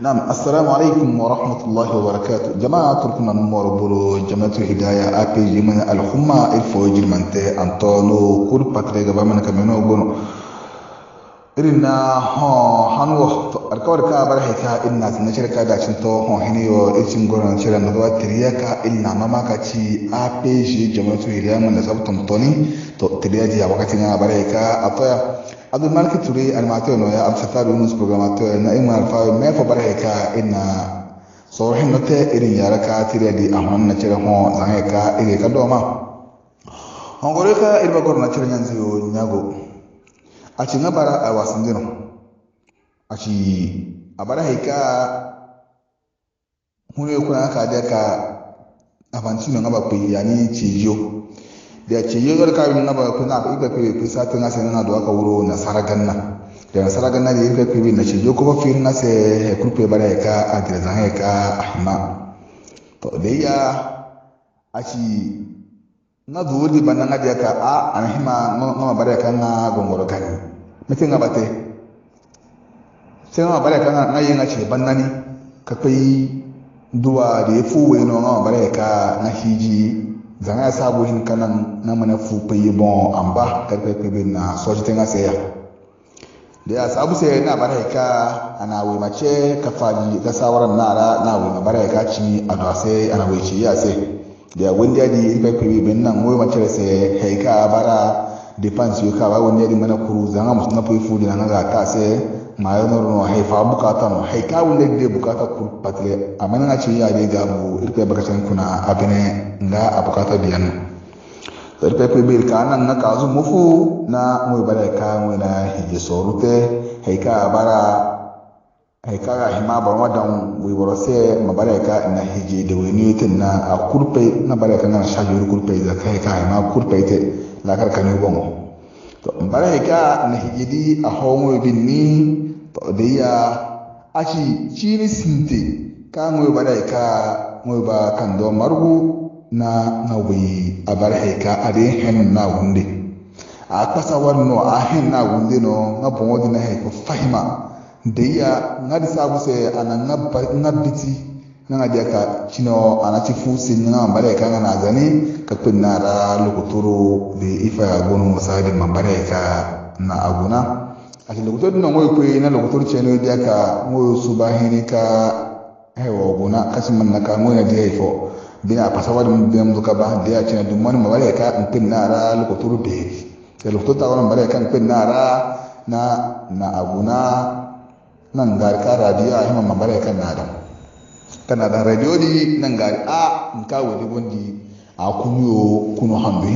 Naam, assalamu alaikum wa rahmatullahi wa barakatuh. Jama'a turkuna numoro bolo jama'atu hidaya APJ mana al-humma il fojil mante antolo kur patre gaba mana kameno gono. Irin na ho hanwo to arkawar ka bar haika inna sun shirka da cin to ho hini yo icin goron shira na zuwa tiriya ka inna mama ka ci APJ jama'atu hidaya mana sabtan toni to tiriya ji a wakati na bar haika atoya. Abdulmalik turi animatore no ya Abdulfattar Yunus programmatore na Imam Alfawi mai ka ina sauran na irin yara ka tire di ahon na ho ka ị ka doma hongore ka irba gor na cire yanzu yo nyago a ci na bara a wasan dino a ci kuna ka da ka ngaba yani da ce yi yar kabin na ba kuna ba iga kibe fi sati na sai na do wuro na saragan na da saragan na da iga kibe na ce yo kuma fi na sai ya kurpe bara ya ka a girzan ya ka ahma to da ya a ci na zuwuri ba na na ka a an hima na ma bara ya ka na gongoro kani mutum ga bate sai na ma bara ya ka na yi na ce ban na ne ka duwa da ya fuwe na ma bara ya ka na hiji zãng yaa saabo yĩn ka na mana fu pe yi bõo n bas ka kpekpebe na sɔɔsi tẽngã ya de a saabu sɛya na bara ka a na wema cɛ ka faaji ka saawara na ara na wema bara ka ci a dɔa sɛ a na wei ci yaa sɛ de a wendiya di yĩn kpekpebe ben na wema cɛrɛ sɛ hɛi ka bara depansi yo ka ba wendiya mana kuru zãngã musu na poe fu de na ŋa gaa taa sɛ mayonorno hay fa bukatano hay kawu legde bukata kur patle amana ci yaade gabu irpe bakatan kuna abene nga abukata biyanno irpe pe bir kana na kazu mufu na mu bare ka mu na hije sorute haika ka bara hay ka hima bar wadan wi boro se ma bare ka na hije de weni tin na a kurpe na bare ka na shajuru kurpe da kai ka hima kurpe te la kar kanu bomo ka na a nahigidi ahonwe binni to deya achi chini sinte ka ngwe barahika ngwe ba kando margu na ka a ade hen na wunde a kpasa warno a hen na wunde no nga bongo dina heko fahima deya nga disabu se na nga biti nga dia ka chino anati fusi nga mbare ka na zani ka na ra lukuturu bi ifa ya gonu musadi mbare ka na aguna ati lukuturu na ngoy kwe na lukuturu cheno dia ka ngoy subahini ka hewa guna kasiman na ka ngoy na dia ifo bina pasawar bina muka ba dia chino dumani mbare ka na ra lukuturu bi ya lukuturu ta wani mbare ka na ra na na aguna nan garka radiya hima mbare ka na adam kana da nan gari, a nka wede gondi a yo kunu handu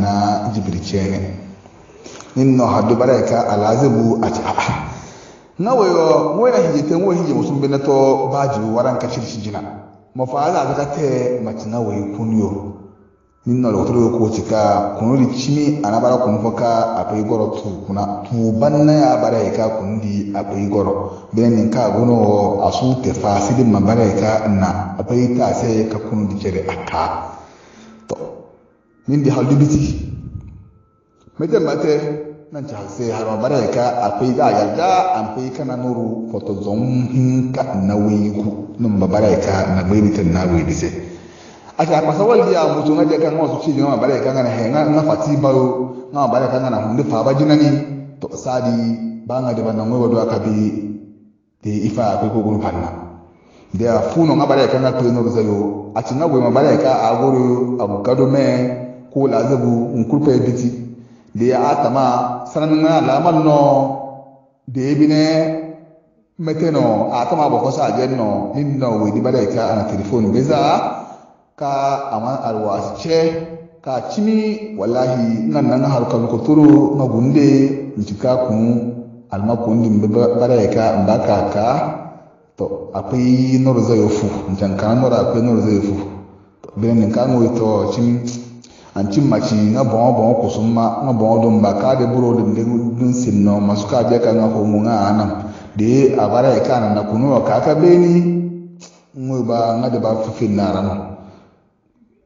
na jibiri ceŋene nin no haddu barai ka alazibu ati aa nawayo ŋoyna hijita ŋo hije musum bene to bajibu waranka shirshijina mo fa ala azaka te mace na kunu ninno alokotolo koti ka kunuli chimi anabara kunfo ka apai goro tu kuna tu banna ya bara ka kundi apai goro benin ka gono asu te mabara ka na apai ta ka kundi chere aka to min di halibiti mete mate har mabara ka apai ga na nuru hin ka na ka na na ati akpasa wa yi a muso ŋa jɛ ka ŋa sotsi ŋa balẹ̀ ka ŋa na hɛ ŋa fati ba o ŋa balẹ̀ ka na hunde fa ba jinani to saadi ba ŋa de ba na ŋmɛbɔ a ka bi de ifa a ko gulu panna de a fu no ŋa balẹ̀ ka ŋa kpe n'o zɛ yo ati ŋa wɛma balẹ̀ ka a goro a gado mɛ ko la zebu nkurupɛ biti de ya tama sanani ŋa la ma nɔ de bi nɛ mɛtɛ nɔ a tama bɔ kɔsa a jɛ nɔ ni nɔ wɛ di balẹ̀ ka a na telefoni zaa. ka aman alwa che ka chimi wallahi nan nan har kan ko turu na gunde jika kun alma kun din bare ka mbaka ka to akwai nur zai fu dan ka nur akwai nur zai fu bin nin kan wo to chimi an cin maci na bon bon ku sun ma na bon don ba ka de buro din din sin no masu ka je kan ko mun a nan de a bare ka nan na kunu ka ka beni mu ba na da ba fufin na ranan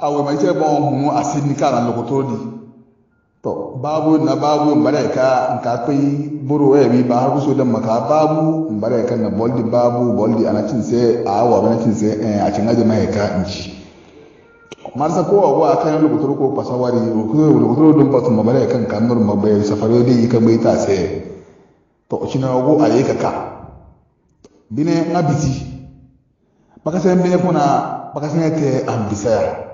awai te bụ a asị nke ala lọkọtodi to babu na babu mbareka nka akwai buru waya bi ba har so da maka babu mbareka na boldi babu boldi ana cin sai a awa bana cin sai a cin aje maheka in ci marsa ko agwa kan lugutur ko pasawari ko lugutur dun ba su mbareka kan kanur mabai safare da yi kan baita sai to shi na go a yi ka. bine ngabiti baka sai bine kuna baka sai te ambisaya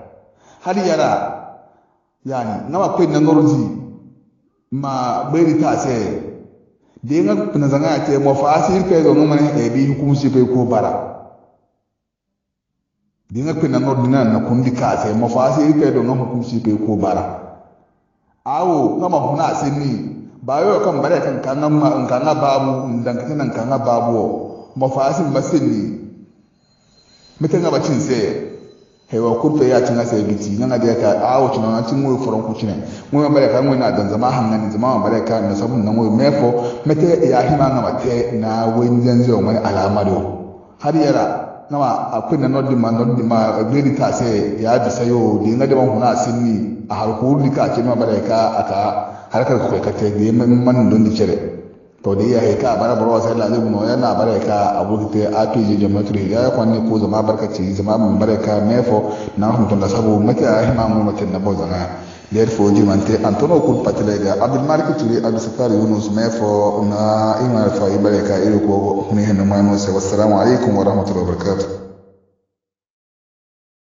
har yara yani nawa kwai na ngorzi ma beri ta se de nga na zanga te mo fa asir kai zo ngama ne bi hukum kai ko bara de nga kwen na ngordi na na kundi ka ce mo fa asir kai zo ngama hukum kai ko bara awo kama huna ni ba yo kan bare kan kan ma in kan babu dan kan nan kan babu mo fa asin ni mutan ga bacin sai hewa kurta ya cin asa gici nan a ka a wacin nan cin mu furan kuci ne mu ga bare ka na dan zama hannun zama ma bare ka na sabun nan mu mefo mete ya hima na mate na wenjan zo mun alama do har yara a akwai na nordin ma nordin ma gredi ta sai ya ji sayo da yin da ban kuna sinni a harkar ka ce ma bare ka ta harkar ku da ka ta man don dicere to de ya hika bara baro sai la ne mo yana bara ka abukite apj geometry ya kwanne ko zama barkaci zama mun bara ka mefo na hun tun da sabu mata hima mu mata na bozana therefore jimante antono kul patlega abdul malik turi abdul sakari yunus mefo na imar fa ibare ka iru ko ne hen manu sai wassalamu alaikum wa rahmatullahi wa barakatuh